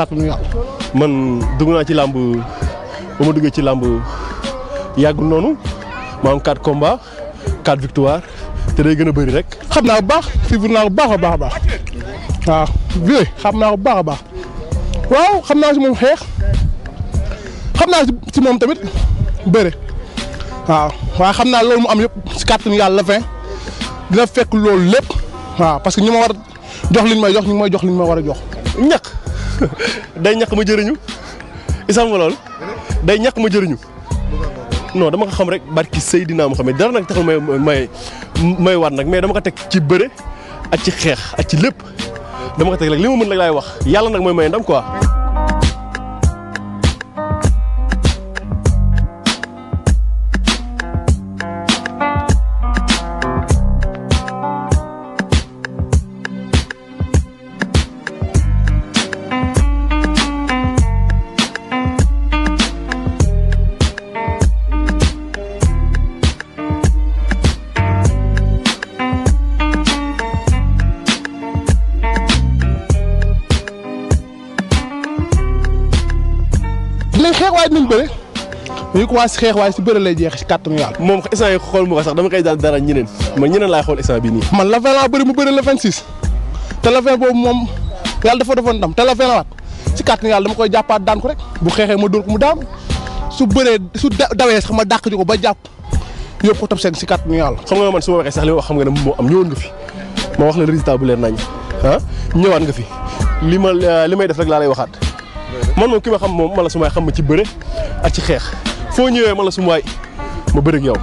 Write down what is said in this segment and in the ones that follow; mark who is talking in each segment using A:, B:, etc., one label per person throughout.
A: tax man dugg naa ci làmb ba ma duggee ci làmb yàggul noonu ma am 4 combats 4 victoires te day gën a bari rek. xam naa bu baax si naa ko baax a baax a baax waaw xam naa ko baax a baax waaw xam naa si moom xeex xam naa si moom tamit bëre waaw waaye xam naa loolu mu am yëpp si kàttanu yàlla fin dina fekk loolu lépp waaw parce que ñi ma war jox liñ may jox ñi may jox liñ ma war a jox ñàkk. day ñàkk ma jëriñu isam nga lool day ñàkk ma jëriñu non dama ko xam rek barki Seydina Muhammad dara nag taxul may may may waat nag mais dama ko teg ci bëre ak ci xeex ak ci lépp dama ko teg rek li ma mën nag laay wax yàlla nag mooy may ndam quoi waa xeex waaye si bëre lay jeex si kàttanu yàlla moom instant yi xool mu ko sax dama koy daal a ñeneen man ñeneen laay xool instant bi nii man la vingt laa mu bëri la vingt six te la boobu moom yàlla dafa defoon ndam te la vingt la waat dama koy jàppaat daan ko rek bu xeexee ma dóor ko mu daam su bëree su dawee sax ma dàq ji ko ba jàpp yóbbu ko top seen si kàttanu yàlla xam nga man su ma sax li ma wax xam nga ne moo am ñëwoon nga fi ma wax la résultat bu leer nañ ah, ñëwaat nga fi li ma li may def rek laa lay waxaat man ki ma xam moom man la xam ma ci bëre ak ci xeex foo ñëwee ma la suma waay ma bëri ak yow.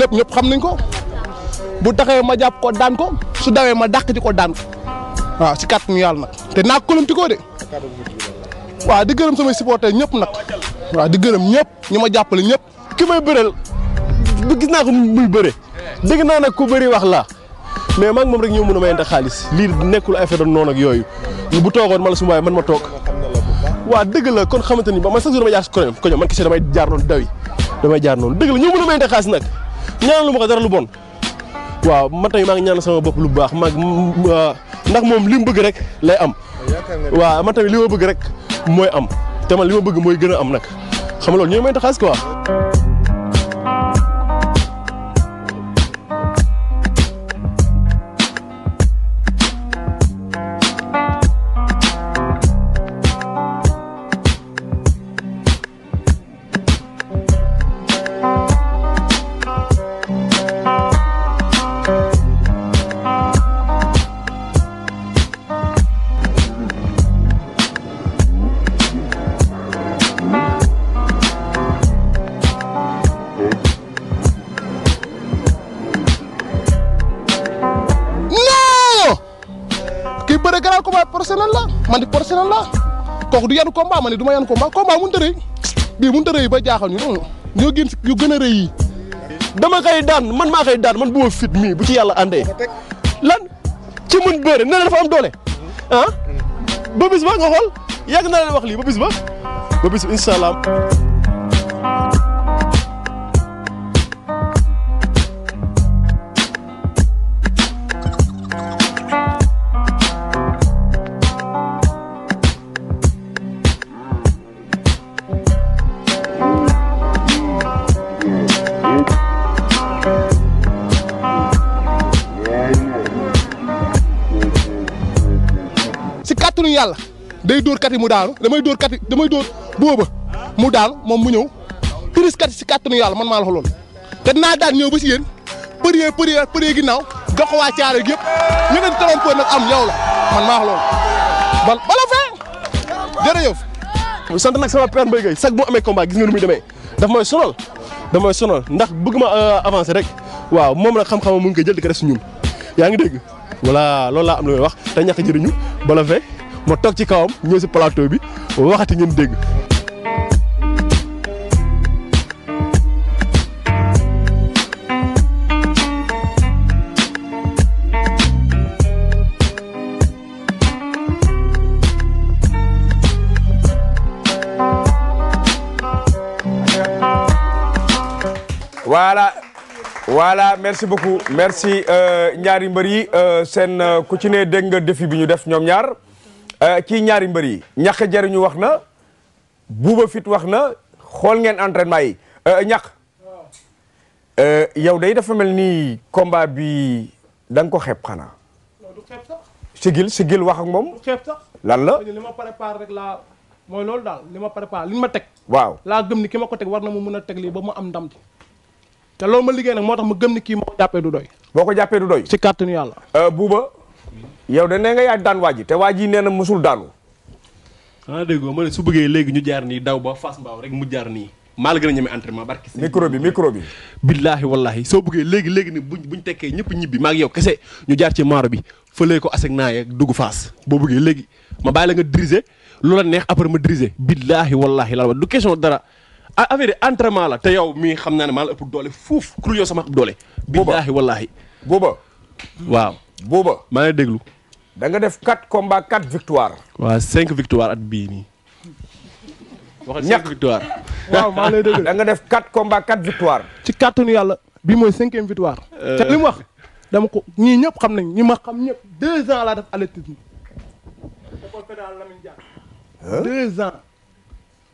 A: lépp ñëpp xam nañ ko bu taxee ma jàpp ko daan ko. su dawee ma dàq di ko daan ko waaw si kàttanu yàlla nag te naa kolomti koo de. waaw di gërëm samay supporters ñëpp nag waaw di gërëm ñëpp ñi ma jàppale ñëpp ki may bëreel gis naa ko muy bëre dégg naa nag ku bëri wax la mais maa ngi moom ñoo mën a mayante xaalis nekkul affaire noonu ak yooyu bu toogoon ma la su ma waaye man ma toog dëgg la kon xamante ni ba man sax damay jaar si koñom koñom a xaalis nag ñaanal lu ma ko dara lu bon waaw man tamit maa ngi ñaan sama bopp lu baax maa ah, ndax moom li mu bëgg rek lay am. waaw man tamit li bëgg rek mooy am te man li bëgg mooy gën a am nag xam nga loolu ñooy may taxaas quoi. man di porcelaine la kooku du yan combat man di du ma yan combat combat mënut a rëy bii mënut a rëy ba jaaxal ñu ñoo gën yu gën a rëy yi. dama koy daan man maa koy daan man bu ma fit mii bu ci yàlla àndee lan ci mën bëre nee na dafa am doole ah ba bis ba nga xool yàgg naa leen wax lii ba bis ba ba bis incha muy yàlla day dóor kat yi mu daanu damay dóor kat yi damay mu daan moom mu ñëw prise si kàttanu yàlla man maa la ko loolu te dinaa daan ñëw ba si yéen përee përee përee ginnaaw dox waa la man maa la ko loolu bal bala fee sama père Mbaye Gueye sax bu amee combat gis nga nu muy demee daf ndax bëgg ma euh, avancer rek waaw moom nag xam-xamam mu ngi jël di ko def si ñun yaa ngi dégg voilà loolu laa am lu may wax te ñàkk jëriñu bala fee. ma toog ci kawam ñëw si plateau bi waxati ngeen dégg.
B: voilà merci beaucoup merci euh, ñaari mbër yi euh, seen euh, ku ci ne dégg nga défi bi ñu def ñoom ñaar. ci euh, ñaari mbër yi ñax jariñu wax na buuba fit wax na xool ngeen entraînement yi euh, ñax euh, yow day dafa mel nii combat bi da ko xeeb xanaa. sigil sigil wax ak moom.
A: xeeb sax lan la. li ma préparé rek laa mooy loolu daal li ma préparé li ma teg. waaw laa gëm ni ki ma ko teg war na mu mën a teg lii ba mu am ndam ci. te loolu ma liggéey nag moo tax ma
B: gëm ni kii ma ko jàppee du doy. boo ko jàppee du doy. ci kàttanu yàlla. buuba. yow de nee nga yaay daan waa ji te waa ji nee na mosul daanu. ah dégg nga ma ne su buggee léegi ñu jaar nii daw ba
A: Fass Mbao rek mu jaar nii. maa la gën a ñeme entraînement barki micro bi micro bi. billaahi wallaahi soo bëggee léegi léegi ni bu buñ tekkee ñëpp ñibbi maa ngi yow kese ñu jaar ci maaro bi fëlee ko aseg naa yeeg dugg Fass boo bëggee léegi ma bàyyi la nga diriger loola neex après ma diriger billaahi wallaahi laa du question dara ah, affaire entraînement la te yow mii xam naa ne maa la ëpp doole fuuf ku yow sama doole. billaahi wallaahi booba waaw. booba maa ngi déglu. da nga def
B: quatre combats quatre victoire.
A: waaw cinq victoire at bii nii.
B: waxal cinq victoire. waaw maa da nga def quatre combats quatre victoire. ci kàttanu yàlla bii mooy cinquième
A: victoire. te euh. li mu wax dama ko ñii ñëpp xam nañ ñi ma xam ñëpp deux ans laa def athlétisme. deux ans.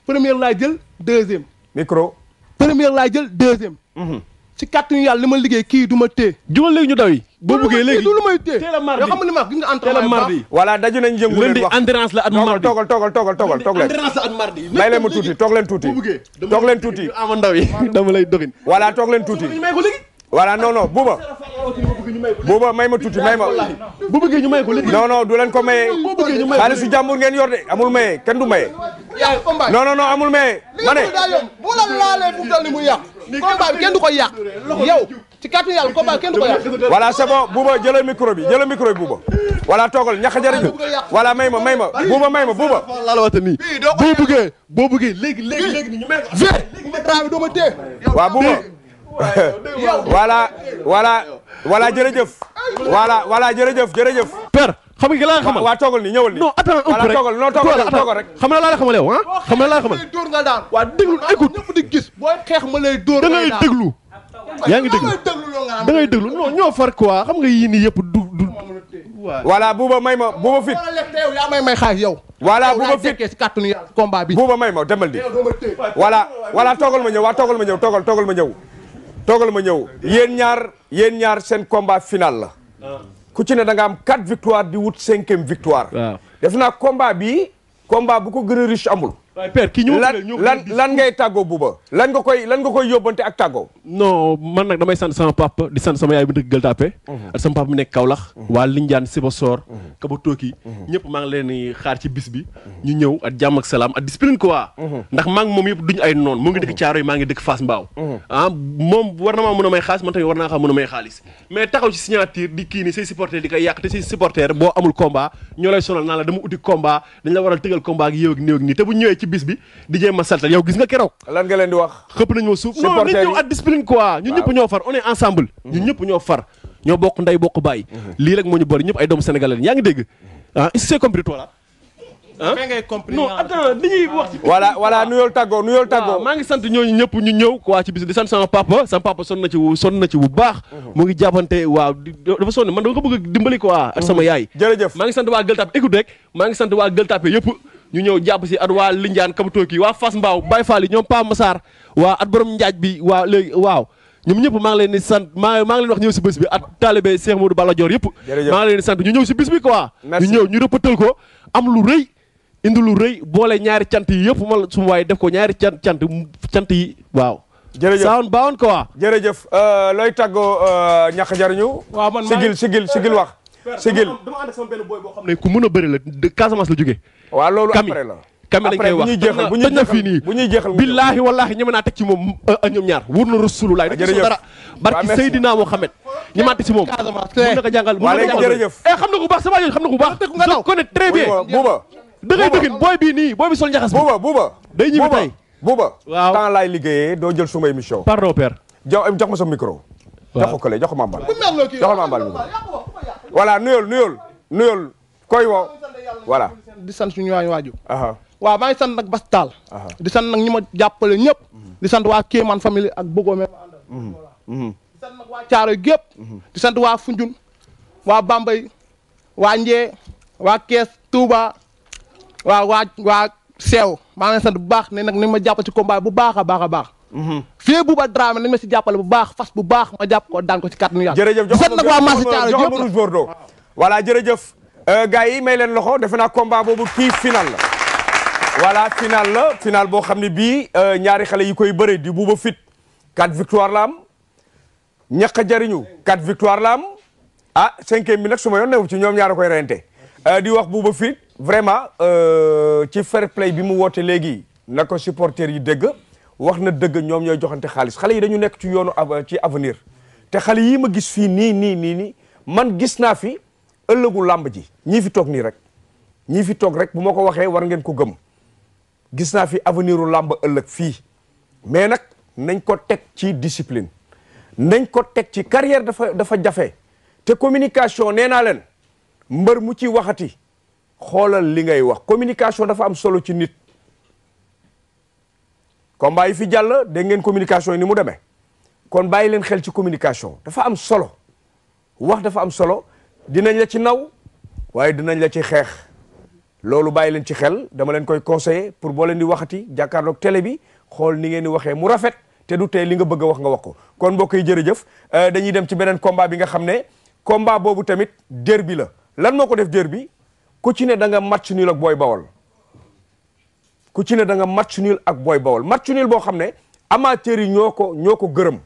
A: première laa jël deuxième. micro. première laa jël deuxième. Mm-hmm. si kàttu yàlla li ma
B: liggéey kii du ma téye. jugal léegi ñu daw yi. boo du lu may téye teel a mardi ma gis nga mardi voilà daju nañ yëngu leen wax la at mardi toogal toogal toogal toogal toog leen endurance la at mardi tuuti toog tuuti toog tuuti ama ndaw yi dama
A: tuuti
B: voilà non non buuba buuba may ma tuuti may ma. bu bëggee ñu may ko léegi. non non du leen ko maye. xaalisu jàmbur ngeen yor de amul maye kenn du maye.
A: non non amul maye. ma ne bu la laalee fu mu toll nii muy yàq. bi kenn du ko yàq. yow ci kàttan yàlla combat kenn du ko yàq. voilà
B: c'est bon buuba jëlal micro bi jëlal micro bi buuba. voilà toogal ñax a jëriñu. voilà may ma may ma buuba may ma buuba. boo bëggee boo bëggee léegi léegi léegi ñu may ko. waaw buuba voilà voilà jërëjëf. voilà voilà jërëjëf jërëjëf. per xam nga laa xamal waa toogal ni ñëwal ni non attends un rek toogal non toogal toogal rek xam laa la xamal yow ah xam
A: na écoute ñëpp di gis booy xeex ma lay dóor da ngay déglu yaa ngi déglu da ngay déglu non ñoo far xam nga yii yëpp du du voilà buuba may ma buuba
B: fit yow yaa may may yow voilà buuba fit si kàttanu yàlla combat bi buuba may ma demal di
A: voilà ma
B: ñëw waa toogal ma ñëw toogal toogal ma ñëw toogal ma ñëw yéen ñaar yéen ñaar seen combat final la. ku ci ne am quatre victoire di wut cinquième victoire. waaw def naa combat bi combat bu ko gën a riche amul. lan ngay tàggoo buba lan nga koy yóbbante ak tàggoo
A: non man nag damay sant sama papa di sant sama yaay bu dëkk Gueule mhm. ak sama papa bi nekk Kaolack mhm. waa Lindiane Sibassor mhm. Kaba Tooki ñëpp maa ngi leen xaar ci bis bi ñu ñëw ak jàmm ak salaam ak discipline quoi ndax maa ngi ah, a may xaalis man tamit war naa xam mën a may xaalis mais taxaw ci signature di kii say supporter di koy yàq te say supporter boo amul combat ñoo lay sonal naa la dama uti combat ci bis bi di jéem a saltal yow gis nga keroog. lan nga leen di wax. xëpp nañu ma suuf non nañ ñëw at discipline quoi ñun ñëpp ñoo far on est ensemble. ñun ñëpp ñoo far ñoo bokk nday bokk bàyyi. Mhm. lii rek moo ñu ñëpp ñu ñëw waa ci bis di sant sama papa sama papa sonn ci wu baax. Mhm. mu ngi jàppante waaw dafa sonn man dama ko dimbali quoi. ak sama mhm. yaay. maa ngi sant waa Gueule Tapée écoute rek maa ngi sant waa Gueule Tapée yëpp. ñu ñëw jàpp si at waa Lindiane Kabatoki waa Fass Mbao Baye Fall yi ñoom Pa Massar waa at borom njaaj bi waa léegi waaw ñoom ñëpp maa ngi leen di sant maa maa ngi leen wax ñëw si bi at taalibe Cheikh Modou Balla Dior ñu ñëw si bés bi quoi ñu ñëw ñu rëppatal ko am lu rëy indi lu rëy boole ñaari cant yi yëpp man suma waaye def ko ñaari
B: cant cant cant yi waaw jërëjëf saawoon baawoon quoi jërëjëf euh, looy tàggoo euh, ñàkk jariñu waaw man sigil sigil sigil wax sigil
A: dama ànd ak sama benn boy boo xam ne ku mën a bëri la Casamance la jógee
B: waaw loolu après la
A: kami lañ koy wax tëj na fii nii bu ñuy jeexal billaahi wallaahi ñeme naa teg ci moom euh, ñoom ñaar wóor na rasulullaay ah, def ci dara barki Seydina Mohamed ñi maa teg ci moom mun na ko jàngal mun na ko jërëjëf eh xam na ko baax sama xam na ko baax je connais
B: booy bii nii booy bi sol njaxas buuba buuba day ñibbi tey buuba waaw laay liggéeyee doo jël suma émission pardon père jox eh, ma sa micro jox ko kële jox ko mambal jox ko mambal voilà nuyol nuyol nuyol koy woo voilà di sant suñu waañ waaju waaw maa ngi sant nag Bas Taal di sant nag
A: ñi ma jàppale ñëpp mhm. di sant waa Kéemaan famille ak bëggoo mee ma àndal mhm. Mhm. di sant nag waa Caaroy gépp di sant waa Funjun waa Bambey waa Njee waa Kees Touba waa waa Seew maa ngi sant bu baax ne nag ni ma jàppal ci combat bu baax a baax a baax fii Bouba Dramé nañ ma si jàppale bu baax fas bu baax ma jàpp ko daan ko ci kàttanu Yàlla jërëjëf
B: jërëjëf Euh, gars yi may leen loxo defe naa combat boobu kii final la voilà final la final boo xam ne bii euh, ñaari xale yi koy bëre di buuba fit quatre victoire la am ñaq jariñu quatre victoire la am ah cinquième bi nag su ma yoon newu ci ñoom ñaara koy reyante euh, di wax buuba fit vraiment ci fair play bi mu woote léegi na ko supporter yi dégg wax na dëgg ñoom ñooy joxante xaalis xale yi dañu nekk ci yoonu ci avenir te xale yii ma gis fii nii nii nii nii man gis naa fi ëllëgu làmb ji ñii fi toog nii rek ñii fi toog rek bu ma ko waxee war ngeen ko gëm gis naa fi aveniru làmb ëllëg fii mais nag nañ ko teg ci discipline nañ ko teg ci carrière dafa dafa jafe te communication nee naa leen mbër mu ci waxati xoolal li ngay wax communication dafa am solo ci nit combat yi fi jàll de ngeen communication yi ni mu demee kon bàyyi leen xel ci communication dafa am solo wax dafa am solo dinañ la ci naw waaye dinañ la ci xeex loolu bàyyi leen ci xel dama leen koy conseiller pour boo leen di waxati jàkkaarloog télé bi xool ni ngeen di waxee mu rafet te du tey li nga bëgg a wax nga wax ko kon mbokk yi jërëjëf euh, dañuy dem ci beneen combat bi nga xam ne combat boobu tamit derby la lan moo ko def derby ku ci ne da nga match ak booy bawol ku ci ne da nga match ak booy bawol match nul boo xam ne amateurs yi ñoo ko ñoo ko gërëm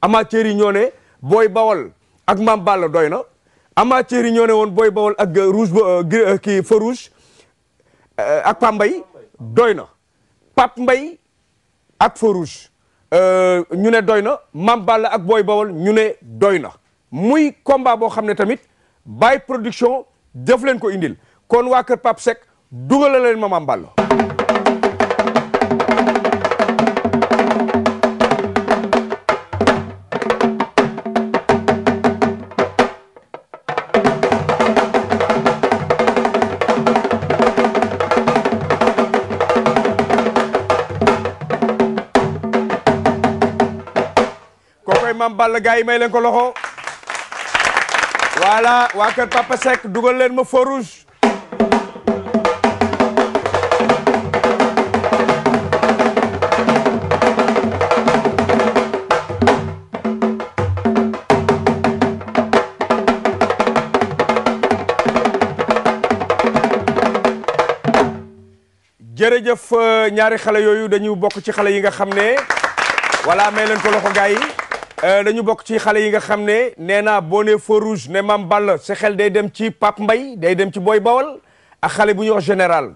B: amateurs yi ñoo ne booy bawol ak maam Balla doy na amateurs yi ñoo ne woon Boy Bawol ak euh, rouge ba euh, euh, kii feu rouge ak Pape Mbaye doy na Pape Mbaye ak feu rouge ñu ne doy na Mame ak Boy Bawol ñu ne doy na muy combat boo xam ne tamit Baye Production def leen ko indil kon waa kër sek Seck dugalal leen ma Mame Balla maam Balla gars yi may leen ko loxo voilà waa kër Papa Seck dugal leen ma feu rouge jërëjëf euh, ñaari xale yooyu dañu bokk ci xale yi nga xam ne voilà may leen ko loxo gars yi Euh, dañu bokk ci xale yi nga xam ne nee naa boo nee feu rouge ne maam Ball sa xel day dem ci Pape mbay day dem ci Boy Bawal a xale bu ñuy général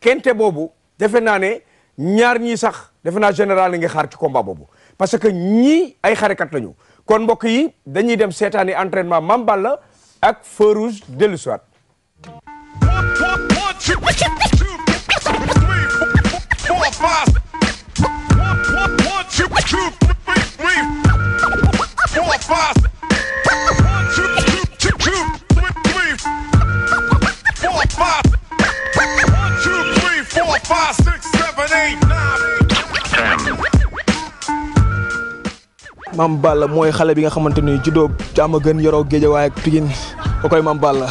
B: kente boobu defe naa ne ñaar ñi sax defe naa général la nga xaar ci combat boobu parce que ñii ay xarekat lañu kon mbokk yi dañuy dem seetaani entraînement maam Ball ak feu rouge dellu siwaat fast. One, mooy xale bi nga xamante ni juddoo jàmm gën yoroo géejawaay ak Pikine ba koy Mame Balla.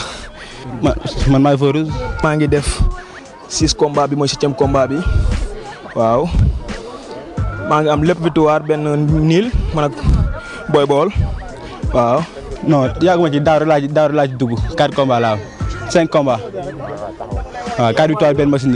B: ma maay Feu Rouge. maa ngi def six combat bi mooy septième combat bi waaw maa ngi am lépp victoire benn niil man booy bool waaw non yàgguma ci laa ci daaw laa ci dugg 4 combats laa am 5 combats waaw 4 victoires benn match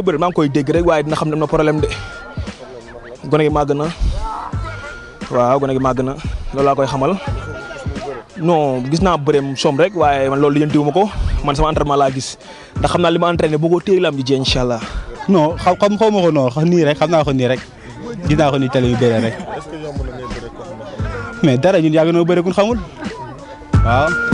B: may bëri koy dégg rek waaye dina xam ne am na problème de gone gi màgg na waaw gone gi màgg na loolu laa koy xamal non gis naa bëreem soom rek waaye man loolu yëntiwu ma ko man sama entraînement laa gis ndax xam naa li ma entraîné boo ko téye la am ji jee incha allah.
A: non xam xam xaw ma ko xam naa ko nii rek gis naa nii télé yu bëre rek mais dara ñun yàgg na bëre ku xamul waaw.